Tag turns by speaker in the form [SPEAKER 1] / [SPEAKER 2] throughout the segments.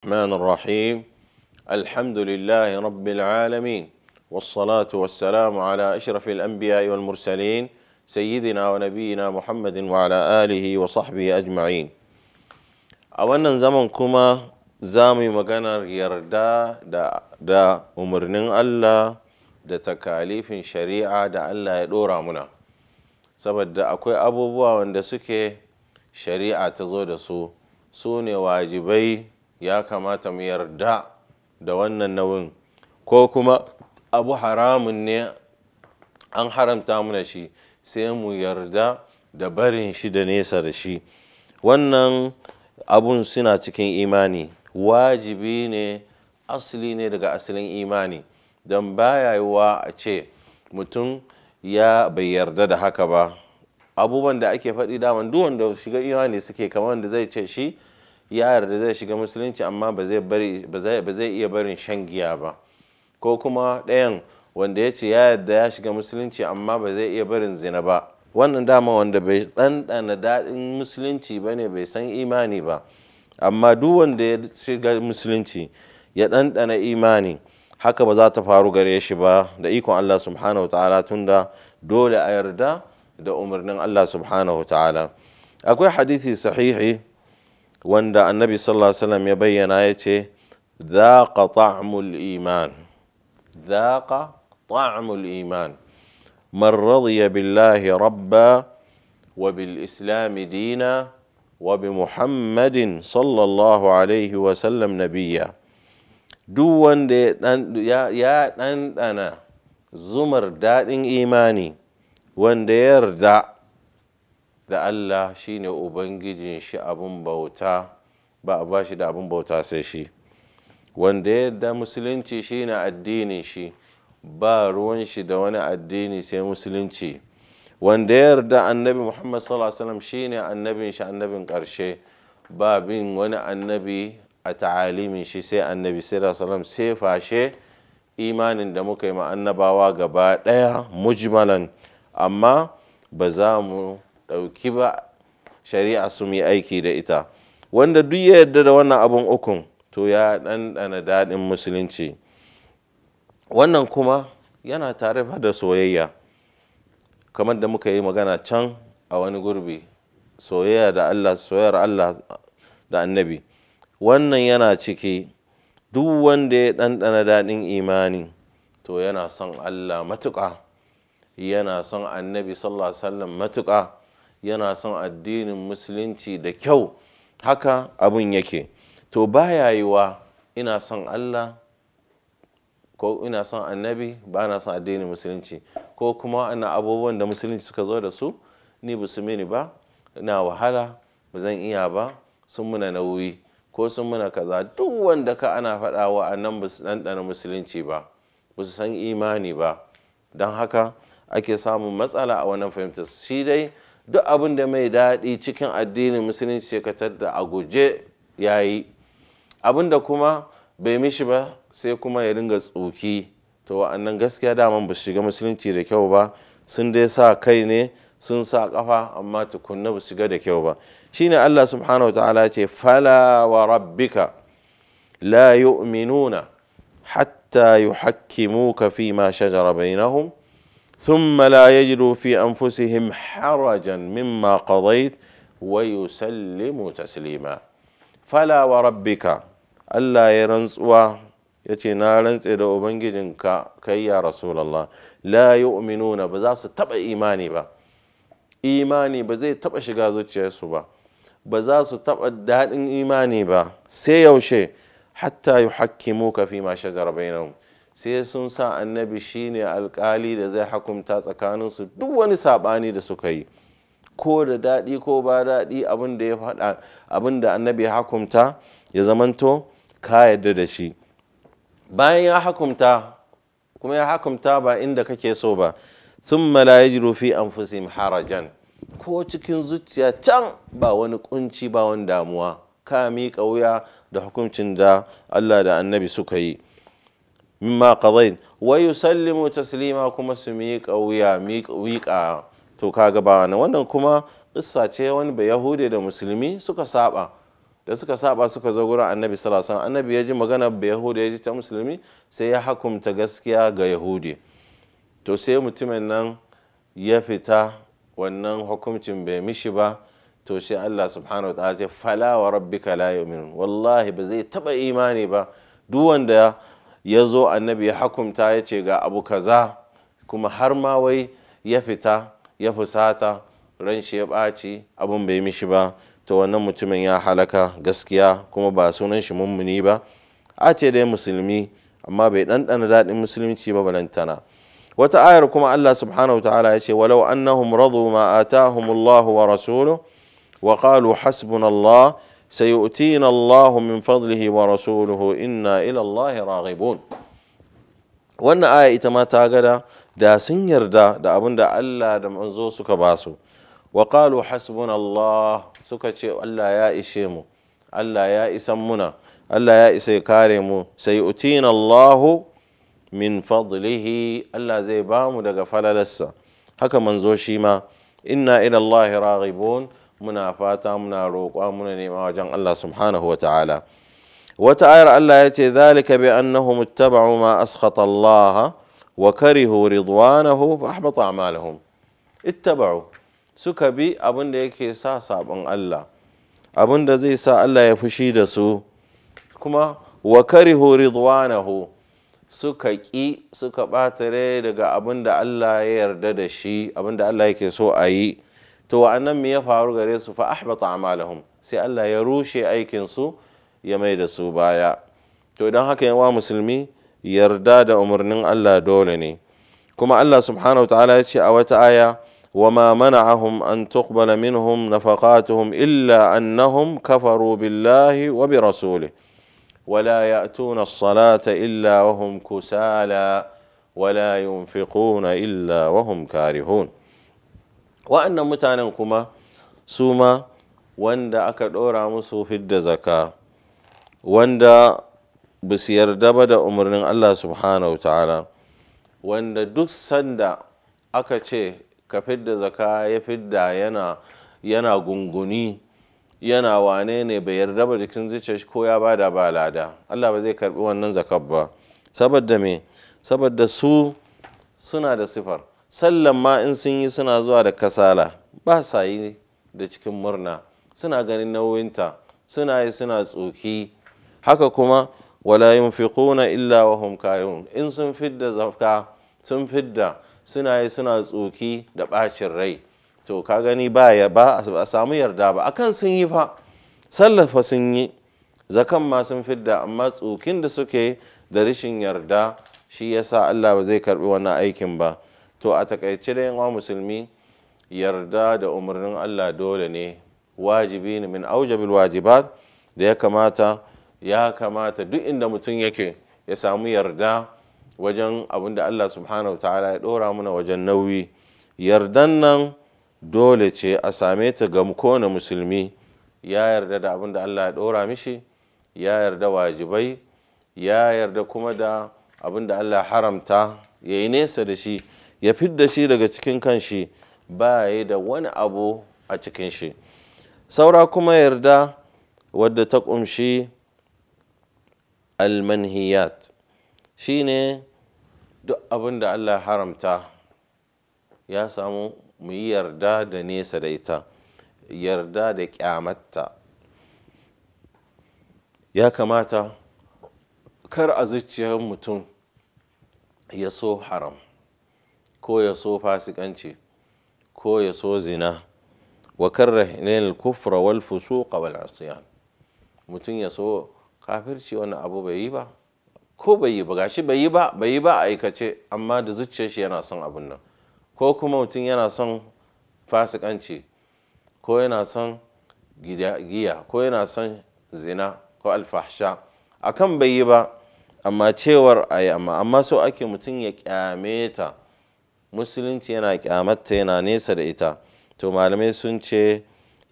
[SPEAKER 1] الرحمن الرحيم الحمد لله رب العالمين والصلاة والسلام على أشرف الأنبياء والمرسلين سيدنا ونبينا محمد وعلى آله وصحبه أجمعين أولا زمن كما زامي مغانا يردا دا, دا أمرن الله دا تكاليف شريعة دا الله يدور منا سبب دا أكوي أبو بوا suke شريعة تزود سو سوني واجبي ya kamata mu yarda da wannan nauyin ko kuma abu haramun ne an haramta mana shi sai mu yarda da barin shi da nesa da shi wannan abun suna cikin imani wajibi ne asali ne daga asalin imani don baya yiwuwa a ce mutum ya bai yarda da haka ba abubuwan da ake faɗi daman duk wanda shiga imani suke kamar wanda zai ce shi ya yarda zai shiga musulunci amma ba zai iya barin shan giya ba ko kuma ɗayan wanda ya ce ya yarda ya shiga musulunci amma ba zai iya barin zina ba wannan dama wanda bai tsanɗana daɗin musulunci ba ne bai san imani ba amma duk wanda ya shiga musulunci ya ɗanɗana imani haka ba za ta faru gare shi ba da ikon allah subhanahu ta'ala tunda dole a yarda da umarnin allah subhanahu ta'ala akwai hadisi sahihi وندا النبي صلى الله عليه وسلم يبين آيته ذاق طعم الإيمان ذاق طعم الإيمان من رضي بالله ربا وبالإسلام دينا وبمحمد صلى الله عليه وسلم نبيا دوان دي دان يا يا دان انا زمر دادين ايماني وان دير دا da Allah shine ubangijin shi abin bauta ba a bashi da abin bauta sai shi wanda yadda musulunci shine addinin shi ba ruwan shi da wani addini sai musulunci wanda ya yarda annabi muhammad sallallahu alaihi wasallam shine annabin shi annabin karshe ba bin wani annabi a ta'alimin shi sai annabi wasallam sai fashe imanin da muka yi ma annabawa gaba daya mujmalan amma ba za mu ɗauki ba shari'a su yi aiki da ita wanda duk ya yarda da wannan abun ukun to ya ɗanɗana daɗin musulunci wannan kuma yana tare da soyayya kamar da muka yi magana can a wani gurbi soyayya da allah soyayyar allah da annabi wannan yana ciki duk wanda ya ɗanɗana daɗin imani to yana son allah matuƙa yana son annabi sallallahu alaihi wasallam matuƙa yana son addinin musulunci da kyau haka abin yake to baya wa ina son allah ko ina son annabi ba na son addinin musulunci ko kuma ana abubuwan da musulunci suka zo da su ni ba su mini ba na wahala ba zan iya ba sun muna nauyi ko sun muna kaza duk wanda ka ana faɗawa a nan ba ɗanɗana musulunci ba ba su san imani ba don haka ake samun matsala a wannan fahimtar shi dai duk abin da mai daɗi cikin addinin musulunci shekatar da a guje ya yi abin da kuma bai mishi ba sai kuma ya ringa tsoki to wa'annan gaskiya dama ba shiga musulunci da kyau ba sun dai sa kai ne sun sa kafa amma tukunna ba shiga da kyau ba shine Allah subhanahu wa ta'ala ce fala wa rabbika la yu'minuna hatta yuhakkimuka fi ma shajara bainahum ثم لا يجدوا في انفسهم حرجا مما قضيت ويسلموا تسليما فلا وربك الا يرنسوا يتينا رنس الى اوبنجينكا كي يا رسول الله لا يؤمنون بزاس تبع ايماني با ايماني بزي تبع شيغا زوتشي با بزاس تبع دادن ايماني با سي حتى يحكموك فيما شجر بينهم sai sun sa annabi shine alkali da zai hakumta tsakaninsu duk wani sabani da suka yi ko da daɗi ko ba daɗi abin da ya faɗa abin annabi ya hakumta ya zamanto ka yadda da shi bayan ya hakumta kuma ya hakumta ba inda kake so ba sun la yajiru fi harajan ko cikin zuciya can ba wani kunci ba wani damuwa ka miƙa wuya da hukuncin da Allah da annabi suka yi mimma wai wa yusallimu taslima kuma su miƙa wuya miƙa to ka ba wannan wannan kuma ƙisa ce wani ba yahude da musulmi suka saba da suka saba suka zo gurin annabi sallallahu alaihi annabi ya ji magana ba yahude ya ji ta musulmi sai ya hakumta gaskiya ga yahude to sai mutumin nan ya fita wannan hukuncin bai mishi ba to shi Allah subhanahu wa ta'ala ce fala wa rabbika la yu'minun wallahi ba zai taba imani ba duk wanda ya zo annabi ya hakumta ya ce ga abu kaza kuma har ma wai ya fita ya fusata ran shi ya ɓaci abin bai mishi ba to wannan mutumin ya halaka gaskiya kuma ba sunan shi mummuni ba a ce dai musulmi amma bai ɗanɗana daɗin musulunci ba balantana wata ayar kuma Allah subhanahu wa ta'ala ya ce walau annahum radu ma atahum wa rasulu wa qalu hasbunallah سيؤتينا الله من فضله ورسوله إنا إلى الله راغبون wannan aya ita ma ta gada da sun yarda da abin da Allah da manzo suka ba su wa hasbunallah suka ce Allah ya ishe mu Allah ya isan muna Allah ya isa ya kare mu sai utina Allahu min fadlihi Allah zai ba mu daga falalarsa haka manzo shi ma inna ila Allah raghibun muna fata muna roƙwa muna nema wajen Allah subhanahu wa ta'ala wata ayar Allah ya ce zalika bi annahu ittaba'u ma askhata Allah wa karihu ridwanahu fa ahbata a'malahum ittaba'u suka bi abin da yake sa sabon Allah abin da zai sa Allah ya fushi da su kuma wa karihu ridwanahu suka ƙi suka ɓata rai daga abin da Allah ya yarda da shi abin da Allah yake so a yi تو أن مية فارو غريسو فأحبط أعمالهم سألا يروشي أي كنسو يميد السوبايا تو إذا هكي أنواع مسلمي يرداد أمرنا ألا دولني كما الله سبحانه وتعالى يتشي أوت آية وما منعهم أن تقبل منهم نفقاتهم إلا أنهم كفروا بالله وبرسوله ولا يأتون الصلاة إلا وهم كسالى ولا ينفقون إلا وهم كارهون wa'annan mutanen kuma su ma wanda aka ɗora musu fidda zaka wanda ba su yarda ba da umarnin Allah subhanahu ta'ala wanda duk sanda aka ce ka fidda zaka ya fidda yana yana gunguni yana wane ne bai yarda ba jikin zuciya shi ko ya bada ba lada Allah ba zai karbi wannan zakar ba saboda me saboda su suna da sifar sallan ma in sun yi suna zuwa da kasala ba sa yi da cikin murna suna ganin nauyinta suna yi suna tsoki haka kuma wala yunfiquna illa wa hum in sun fidda zakka sun fidda suna yi suna tsoki da bacin rai to ka gani ba ya ba a samu yarda ba akan sun yi fa sallafa sun yi zakan ma sun fidda amma tsokin da suke da rashin yarda shi yasa Allah ba zai karbi wani aikin ba to a takaice da yawan musulmi yarda da umarnin allah dole ne wajibi ne min aujabil wajibat da ya kamata ya kamata duk inda mutum yake ya samu yarda wajen abin da allah subhanahu ta'ala ya dora mana wajen nauyi yardan nan dole ce a same ta ga kowane musulmi ya yarda da abin da allah ya dora mishi ya yarda wajibai ya yarda kuma da abin da allah haramta ya yi nesa da shi ya da shi daga cikin kanshi ba ya da wani abu a cikin shi saura kuma yarda wadda ta ƙumshi almanhiyat shi ne duk abin da allah haramta ya samu mu yi yarda da nesa da ita yarda da kyamatta ya kamata kar a zuciyar mutum ya so haram ko ya so fasikanci ko ya so zina wa karra ilal kufra wal fusuqa wal asiyan mutum ya so kafirci wani abu bai yi ba ko bai yi ba gashi bai yi ba bai yi ba a aikace amma da zuciyar shi yana son abun nan ko kuma mutum yana son fasikanci ko yana son giya ko yana son zina ko alfahsha akan bai yi ba amma cewar a yi amma amma so ake mutum ya kyame ta musulunci yana kyamata yana nesa da ita to malamai sun ce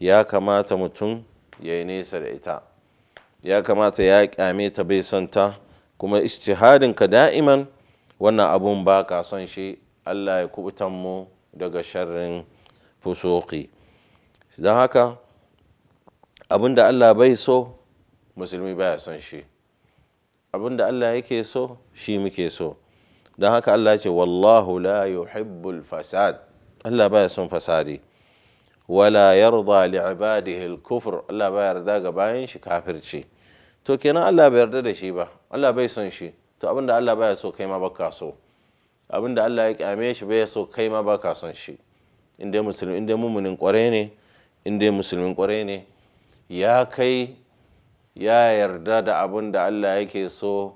[SPEAKER 1] ya kamata mutum ya yi nesa da ita ya kamata ya kyame ta bai son ta kuma ka da'iman wannan abun ba ka son shi allah ya kubutan mu daga sharrin fusoki don haka abin da allah bai so musulmi baya son shi abin da allah yake so shi muke so don haka Allah ce wallahu la yuhibbul fasad Allah baya son fasadi wala yarda li ibadihi al-kufr Allah baya yarda ga bayan shi kafirci to kenan Allah bai yarda da shi ba Allah bai son shi to abinda Allah baya so kai ma baka so abinda Allah ya kyame shi bai so kai ma baka son shi inda musulmi inda kware ne inda musulmin kware ne ya kai ya yarda da abinda Allah yake so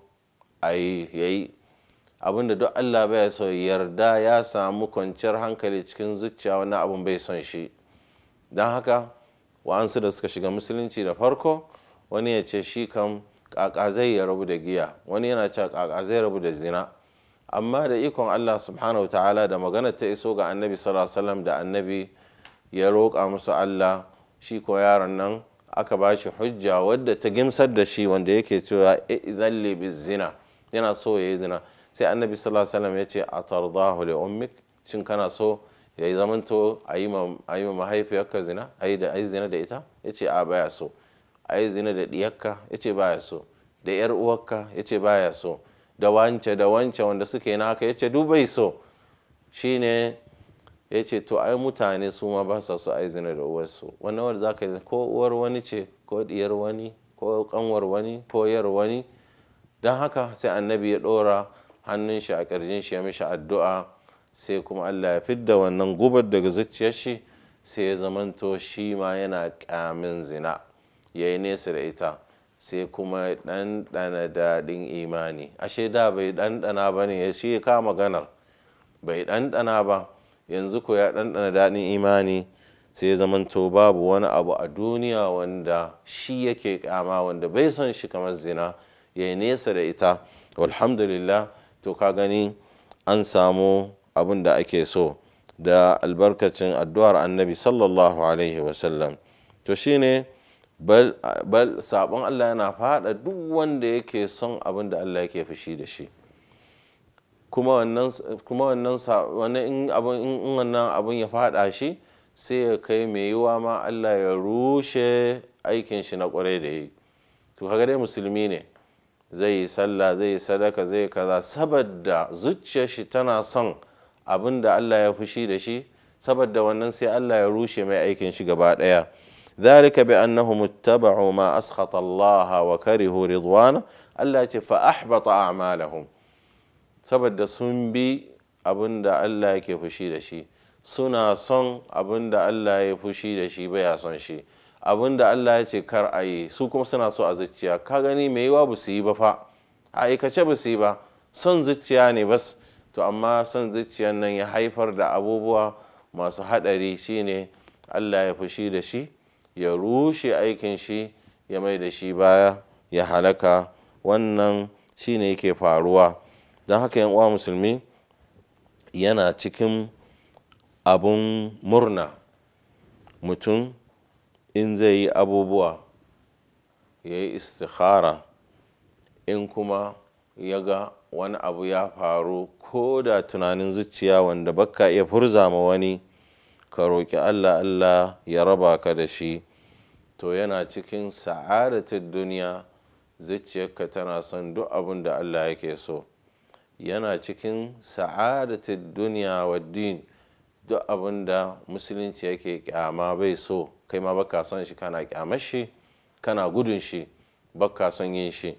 [SPEAKER 1] a yi abinda duk Allah bai so yarda ya samu kwanciyar hankali cikin zuciya wani abin bai son shi don haka wa'ansu da suka shiga musulunci da farko wani ya ce shi kam kaka zai ya rabu da giya wani yana cewa kaka zai rabu da zina amma da ikon Allah subhanahu ta'ala da magana ta iso ga annabi sallallahu da annabi ya roƙa musu Allah shi ko yaron nan aka ba shi hujja wadda ta gimsar da shi wanda yake cewa zalli bi zina yana so ya yi zina sai annabi sallallahu alaihi wasallam ya ce atardahu li ummik shin kana so ya yi zamanto a yi ma mahaifiyarka zina a yi zina da ita ya ce a baya so a yi zina da diyarka ya ce baya so da yar uwarka ya ce baya so da wance da wance wanda suke na haka ya ce dubai so shine ya ce to ai mutane su ma ba sa so a yi zina da uwarsu wannan wanda za yi ko uwar wani ce ko diyar wani ko kanwar wani ko yar wani don haka sai annabi ya ɗora. hannun shi a ƙarjin shi ya mishi addu'a sai kuma Allah ya fidda wannan gubar daga zuciyar shi sai ya zamanto shi ma yana ƙamin zina ya yi nesa da ita sai kuma ɗanɗana daɗin imani ashe da bai ɗanɗana ba ne ya ce maganar bai ɗanɗana ba yanzu ko ya ɗanɗana daɗin imani sai ya zamanto babu wani abu a duniya wanda shi yake kama wanda bai son shi kamar zina ya yi nesa da ita walhamdulillah to ka gani an samu abin da ake so da albarkacin addu'ar annabi sallallahu alaihi wasallam to shine ne bal sabon Allah yana fada duk wanda yake son abin da Allah yake fushi da shi kuma wannan kuma in abin ya fada shi sai ya kai mai yiwa ma Allah ya rushe aikin shi na kwarai da yi to kaga musulmi ne zai yi sallah zai yi sadaka zai kaza saboda zuciyar shi tana son abin da Allah ya fushi da shi saboda wannan sai Allah ya rushe mai aikin shi gaba daya zalika bi annahum ittaba'u ma askhata Allah wa karihu ridwana Allah ce fa ahbata a'malahum saboda sun bi abin da Allah yake fushi da shi suna son abin da Allah ya fushi da shi baya son shi abin da Allah ya ce kar a yi su kuma suna so a zuciya ka gani mai yiwa ba su yi ba fa a aikace ba su yi ba son zuciya ne bas to amma son zuciyan nan ya haifar da abubuwa masu haɗari shine Allah ya fushi da shi ya rushe aikin shi ya mai da shi baya ya halaka wannan shine yake faruwa don haka yan uwa musulmi yana cikin abun murna mutum in zai yi abubuwa ya yi istikhara in kuma ya ga wani abu ya faru ko da tunanin zuciya wanda baka iya furza ma wani ka roƙi allah allah ya raba ka da shi to yana cikin sa'adatar duniya zuciyarka tana son duk abin da allah yake so yana cikin sa'adatar duniya wa din duk abin da musulunci yake kyama bai so kai ma baka son shi kana kyama shi kana gudun shi baka son yin shi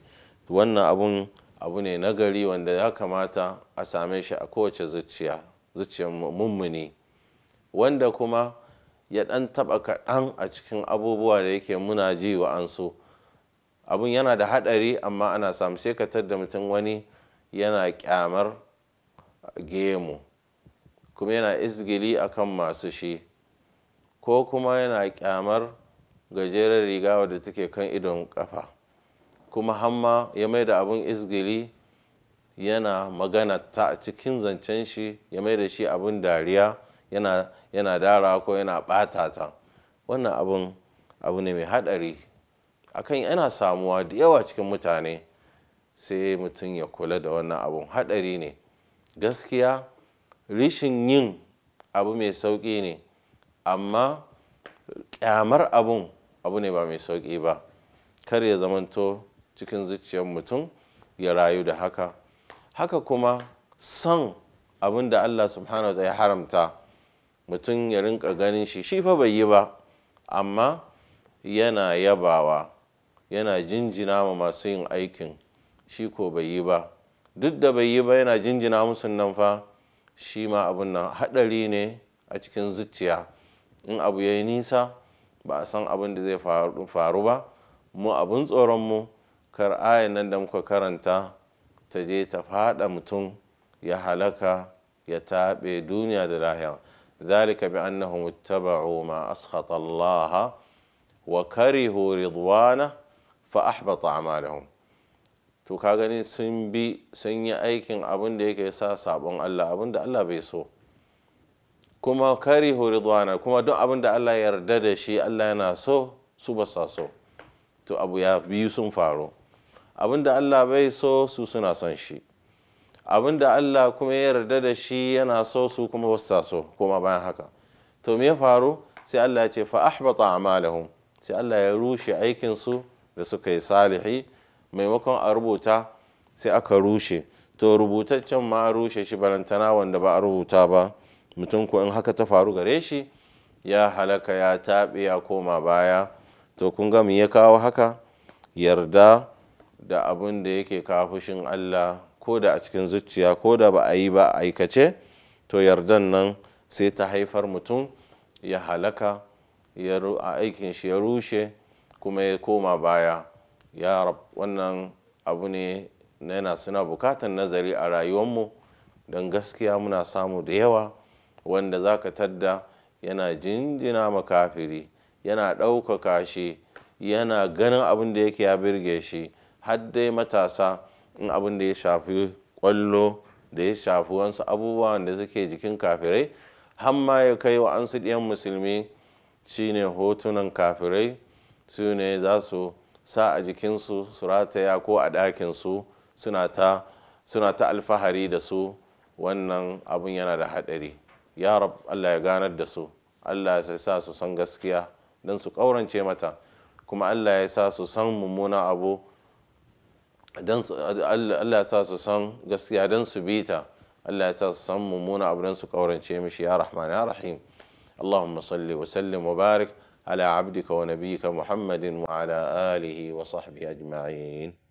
[SPEAKER 1] wannan abun abu ne nagari wanda ya kamata a same shi a kowace zuciya zuciyar mummuni wanda kuma ya ɗan taɓa kaɗan a cikin abubuwa da yake muna ji wa an so abun yana da haɗari amma ana samu sai da mutum wani yana kyamar gemu kuma yana izgili a kan masu shi ko kuma yana kyamar gajeren riga wadda take kan idon kafa kuma hamma ya mai da abin izgili yana magana ta a cikin zancen shi ya mai da shi abun dariya yana, yana dara ko yana ɓata ta wannan abin abu ne mai haɗari akan yana samuwa da yawa cikin mutane sai mutum ya kula da wannan abun hadari ne gaskiya rishin yin abu mai sauƙi ne amma ƙyamar abun abu ne ba mai sauƙi ba kar ya zamanto cikin zuciyar mutum ya rayu da haka haka kuma son abin da allah subhanahu wa ya haramta mutum ya rinka ganin shi shi fa bai yi ba amma yana yabawa yana jinjina ma masu yin aikin shi ko bai yi ba duk da bai yi ba yana jinjina musu nan fa shi ma abin nan hadari ne a cikin zuciya in abu yayi nisa ba a san abin da zai faru ba mu abin tsoronmu kar ayan nan da muka karanta ta je ta fada mutum ya halaka ya taɓe duniya da lahira ذلك بأنهم اتبعوا ما أسخط الله وكرهوا رضوانه فأحبط أعمالهم to ka gani sun bi sun yi aikin abin da yake sa sabon Allah abin da Allah bai so kuma kari ridwana kuma duk abin da Allah yarda da shi Allah yana so su ba sa so to abu ya biyu sun faru abin da Allah bai so su suna son shi abin da Allah kuma ya yarda da shi yana so su kuma ba sa so kuma bayan haka to me ya faru sai Allah ya ce fa ahbata a'malahum sai Allah ya rushe aikin su da suka yi salihi maimakon a rubuta sai aka rushe to rubutaccen ma rushe shi balantana wanda ba a rubuta ba mutum ko in haka ta faru gare shi ya halaka ya taɓe ya koma baya to kun ga ya kawo haka yarda da abin da yake kawo fushin allah ko da a cikin zuciya ko da ba a yi ba aikace to yardan nan sai ta haifar mutum ya halaka a aikin shi ya rushe kuma ya koma baya ya rab wannan abu ne na yana suna bukatan nazari a rayuwanmu don gaskiya muna samu da yawa wanda za ka tadda yana jinjina makafiri yana ɗaukaka shi yana ganin abin da yake ya birge shi har matasa in abin da ya shafi ƙwallo da ya shafi wasu abubuwa da suke jikin kafirai har ya kai wa an su ɗiyan musulmi shine hotunan kafirai su ne za su sa a jikinsu su rataya ko a ɗakinsu suna ta alfahari da su wannan abun yana da haɗari ya rab allah ya ganar da su allah ya sa su san gaskiya don su ƙaurance mata kuma allah ya sa su san mummuna abu don allah ya sa su san gaskiya don su bi ta allah ya sa su san mummuna abu don su ƙaurance mishi ya rahman ya rahim allahumma salli wa sallim wa barik على عبدك ونبيك محمد وعلى آله وصحبه أجمعين